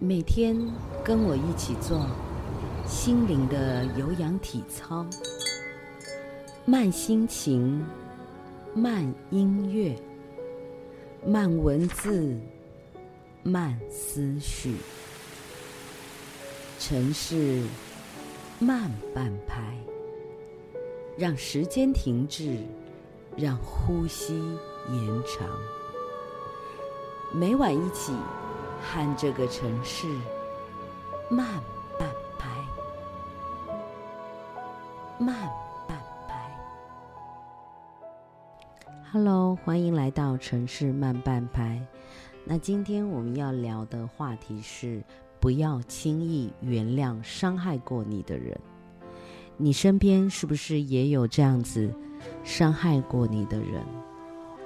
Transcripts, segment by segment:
每天跟我一起做心靈的有氧體操，慢心情，慢音樂，慢文字，慢思緒，城市慢半拍，讓時間停滯，讓呼吸延長。每晚一起。看這個城市，慢半拍，慢半拍。Hello，歡迎來到《城市慢半拍》。那今天我們要聊的話題是：不要輕易原諒傷害過你的人。你身邊是不是也有這樣子傷害過你的人？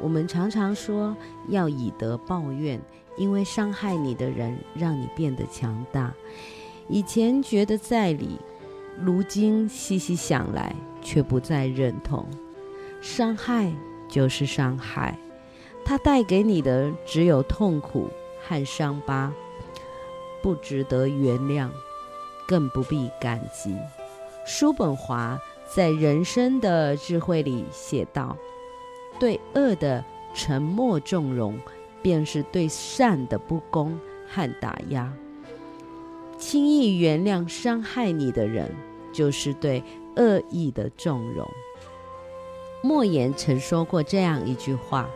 我們常常說要以德報怨。因為傷害你的人讓你變得強大，以前覺得在理，如今細細想來卻不再認同。傷害就是傷害，它帶給你的只有痛苦和傷疤，不值得原諒，更不必感激。叔本華在《人生的智慧》裡寫道：“對惡的沉默縱容。”便是對善的不公和打壓。輕易原諒傷害你的人，就是對惡意的縱容。莫言曾說過這樣一句話：“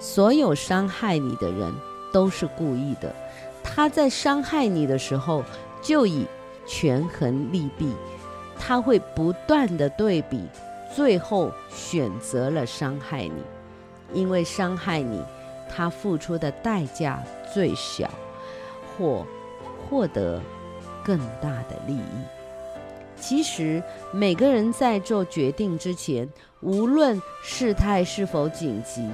所有傷害你的人都是故意的。他在傷害你的時候，就已權衡利弊，他會不斷的對比，最後選擇了傷害你，因為傷害你。”他付出的代價最小，或獲得更大的利益。其實每個人在做決定之前，無論事態是否緊急，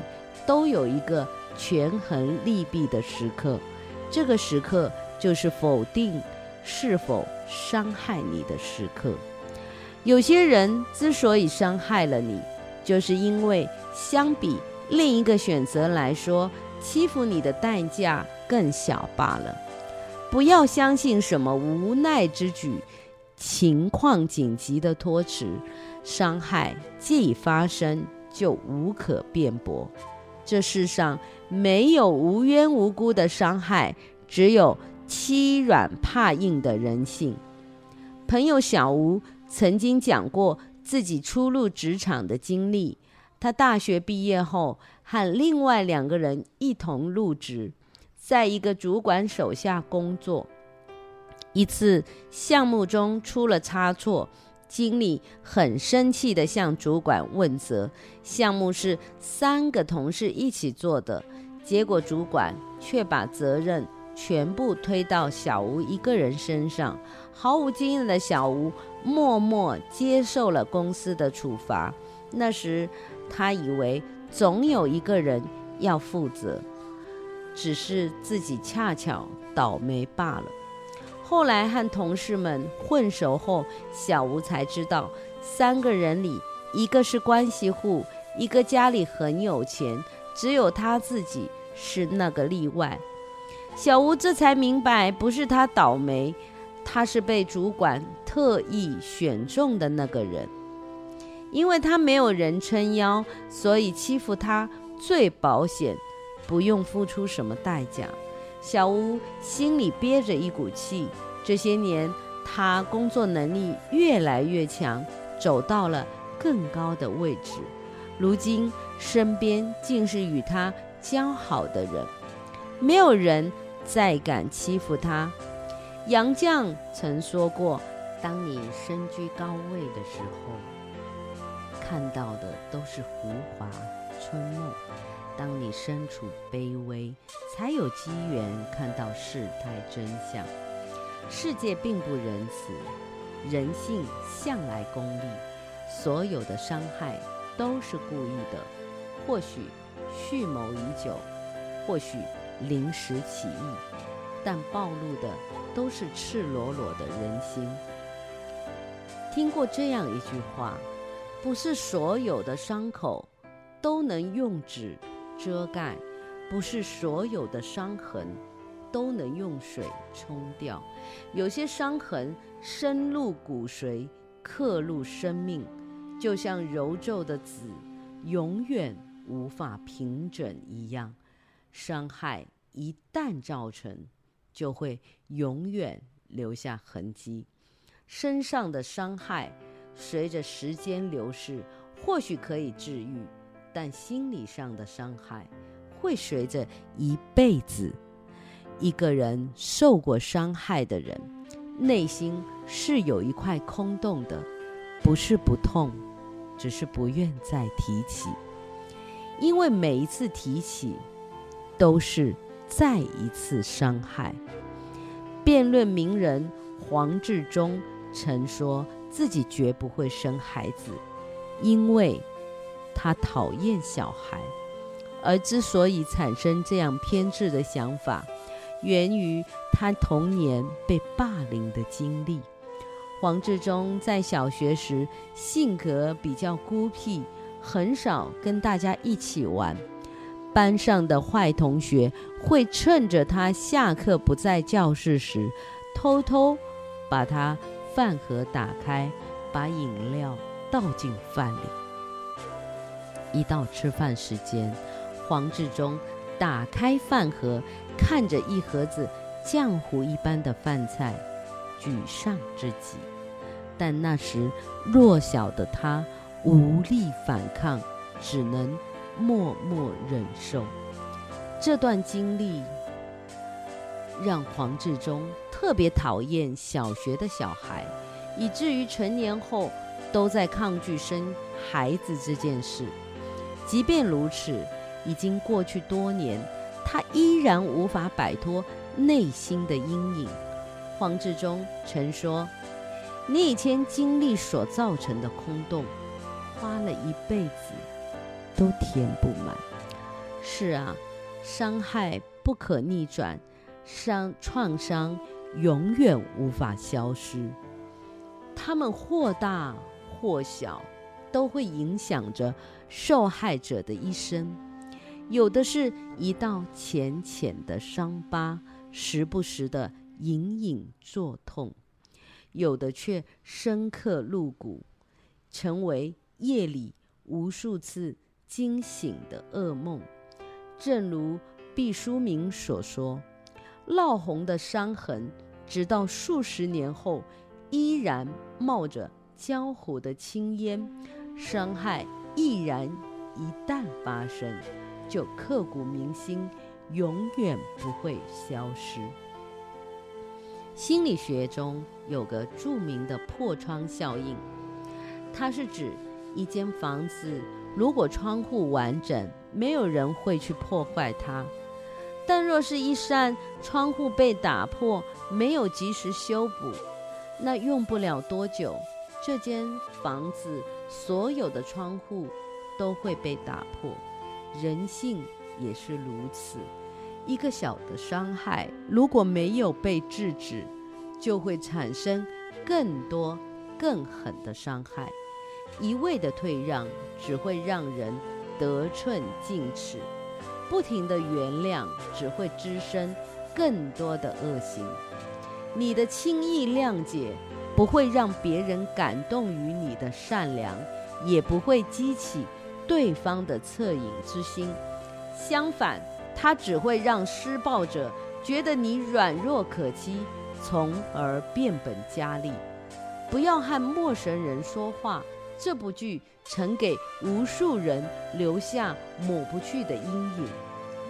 都有一個權衡利弊的時刻。這個時刻就是否定是否傷害你的時刻。有些人之所以傷害了你，就是因為相比。另一個選擇來說，欺負你的代價更小罷了。不要相信什麼無奈之舉、情況緊急的托辭，傷害既發生就無可辯駁。這世上沒有無緣無故的傷害，只有欺軟怕硬的人性。朋友小吳曾經講過自己初入職場的經歷。他大學畢業後，和另外兩個人一同入職，在一個主管手下工作。一次項目中出了差錯，經理很生氣地向主管問責。項目是三個同事一起做的，結果主管卻把責任全部推到小吳一個人身上。毫無經驗的小吳默默接受了公司的處罰。那時，他以為總有一個人要負責，只是自己恰巧倒霉罷了。後來和同事們混熟後，小吳才知道，三個人裡一個是關係戶，一個家裡很有錢，只有他自己是那個例外。小吳這才明白，不是他倒霉，他是被主管特意選中的那個人。因為他沒有人撐腰，所以欺負他最保險，不用付出什麼代價。小吳心裡憋着一股氣，這些年他工作能力越來越強，走到了更高的位置。如今身邊竟是與他交好的人，沒有人再敢欺負他。楊絳曾說過：“當你身居高位的時候。”看到的都是浮華春夢。當你身處卑微，才有機緣看到世態真相。世界並不仁慈，人性向來功利，所有的傷害都是故意的，或許蓄謀已久，或許臨時起意，但暴露的都是赤裸裸的人心。聽過這樣一句話。不是所有的傷口都能用紙遮蓋，不是所有的傷痕都能用水沖掉。有些傷痕深入骨髓，刻入生命，就像揉皺的紙永遠無法平整一樣。傷害一旦造成，就會永遠留下痕跡。身上的傷害。隨着時間流逝，或許可以治癒，但心理上的傷害會隨着一輩子。一個人受過傷害的人，內心是有一塊空洞的，不是不痛，只是不願再提起。因為每一次提起，都是再一次傷害。辯論名人黃執中曾說。自己絕不會生孩子，因為他討厭小孩。而之所以產生這樣偏執的想法，源於他童年被霸凌的經歷。黃志忠在小學時性格比較孤僻，很少跟大家一起玩。班上的壞同學會趁着他下課不在教室時，偷偷把他。飯盒打開，把飲料倒進飯裡。一到吃飯時間，黃志忠打開飯盒，看着一盒子漿糊一般的飯菜，沮喪至極。但那時弱小的他無力反抗，只能默默忍受。這段經歷讓黃志忠。特別討厭小學的小孩，以至於成年後都在抗拒生孩子這件事。即便如此，已經過去多年，他依然無法擺脫內心的陰影。黃志忠曾說：“你以前經歷所造成的空洞，花了一輩子都填不滿。”是啊，傷害不可逆轉，傷創傷。永遠無法消失，他們或大或小，都會影響着受害者的一生。有的是一道淺淺的傷疤，時不時的隱隱作痛；有的卻深刻入骨，成為夜裡無數次驚醒的噩夢。正如畢淑敏所說，烙紅的傷痕，直到數十年後依然冒着焦糊的青煙。傷害亦然，一旦發生，就刻骨銘心，永遠不會消失。心理學中有個著名的破窗效應，它是指一間房子，如果窗戶完整，沒有人會去破壞它。但若是一扇窗戶被打破，沒有及時修補，那用不了多久，這間房子所有的窗戶都會被打破。人性也是如此，一個小的傷害如果沒有被制止，就會產生更多更狠的傷害。一味的退讓，只會讓人得寸進尺。不停的原諒只會滋生更多的惡行。你的輕易諒解不會讓別人感動於你的善良，也不會激起對方的惻隱之心。相反，他只會讓施暴者覺得你軟弱可欺，從而變本加厲。不要和陌生人說話。這部劇曾給無數人留下抹不去的陰影。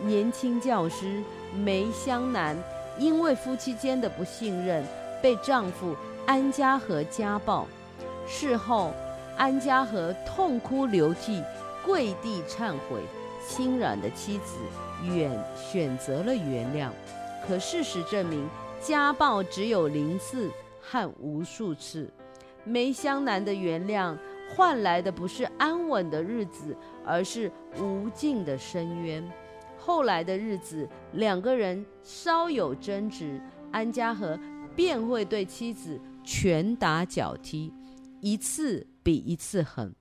年輕教師梅湘南因為夫妻間的不信任，被丈夫安家和家暴。事後，安家和痛哭流涕，跪地懺悔。心軟的妻子遠選擇了原諒。可事實證明，家暴只有零次和無數次。梅湘南的原諒。換來的不是安穩的日子，而是無盡的深淵。後來的日子，兩個人稍有爭執，安嘉和便會對妻子拳打腳踢，一次比一次狠。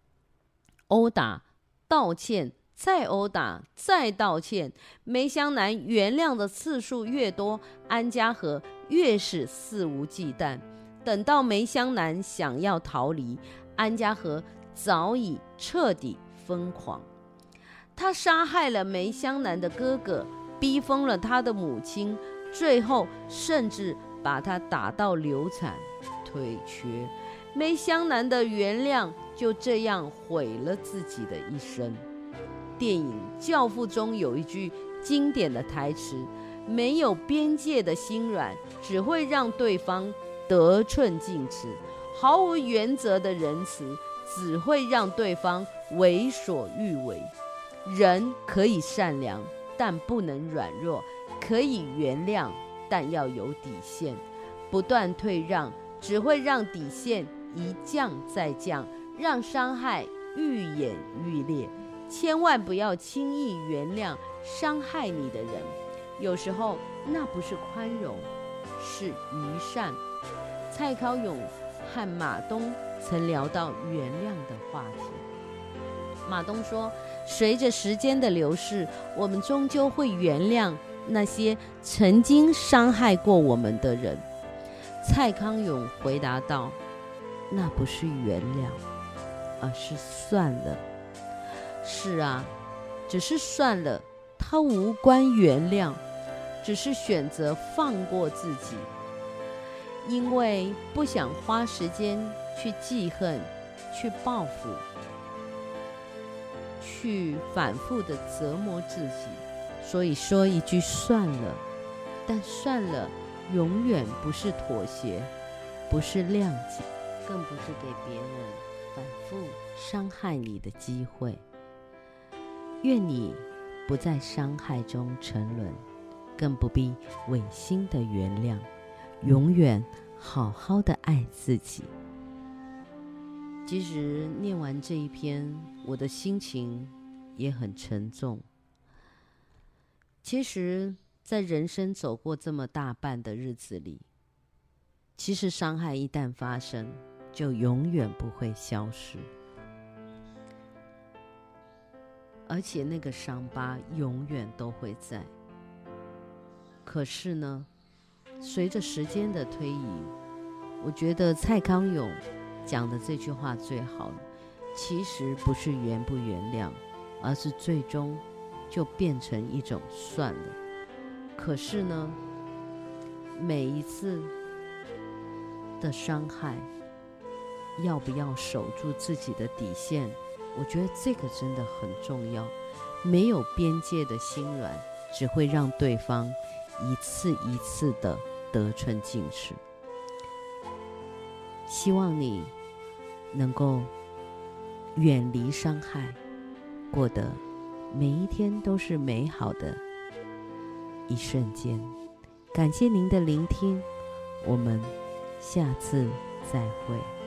毆打、道歉，再毆打，再道歉。梅湘南原諒的次數越多，安嘉和越是肆無忌憚。等到梅湘南想要逃離。安嘉和早已徹底瘋狂，他殺害了梅湘南的哥哥，逼瘋了他的母親，最後甚至把他打到流產、腿瘸。梅湘南的原諒就這樣毀了自己的一生。電影《教父》中有一句經典的台詞：“沒有邊界的心軟，只會讓對方得寸進尺。”毫無原則的仁慈，只會讓對方為所欲為。人可以善良，但不能軟弱；可以原諒，但要有底線。不斷退讓，只會讓底線一降再降，讓傷害愈演愈烈。千萬不要輕易原諒傷害你的人，有時候那不是寬容，是愚善。蔡康永和馬東曾聊到原諒的話題，馬東說：“隨着時間的流逝，我們終究會原諒那些曾經傷害過我們的人。”蔡康永回答道：“那不是原諒，而是算了。”“是啊，只是算了，它無關原諒，只是選擇放過自己。”因為不想花時間去記恨、去報復、去反覆的折磨自己，所以說一句算了。但算了，永遠不是妥協，不是諒解，更不是給別人反覆傷害你的機會。願你不在傷害中沉淪，更不必違心的原諒。永遠好好的愛自己。其實念完這一篇，我的心情也很沉重。其實，在人生走過這麼大半的日子裡，其實傷害一旦發生，就永遠不會消失，而且那個傷疤永遠都會在。可是呢，隨着時間的推移，我覺得蔡康永講的這句話最好了。其實不是原不原諒，而是最終就變成一種算了。可是呢，每一次的傷害，要不要守住自己的底線？我覺得這個真的很重要。沒有邊界的心軟，只會讓對方。一次一次的得寸進尺。希望你能夠遠離傷害，過得每一天都是美好的一瞬間，感謝您的聆聽，我們下次再會。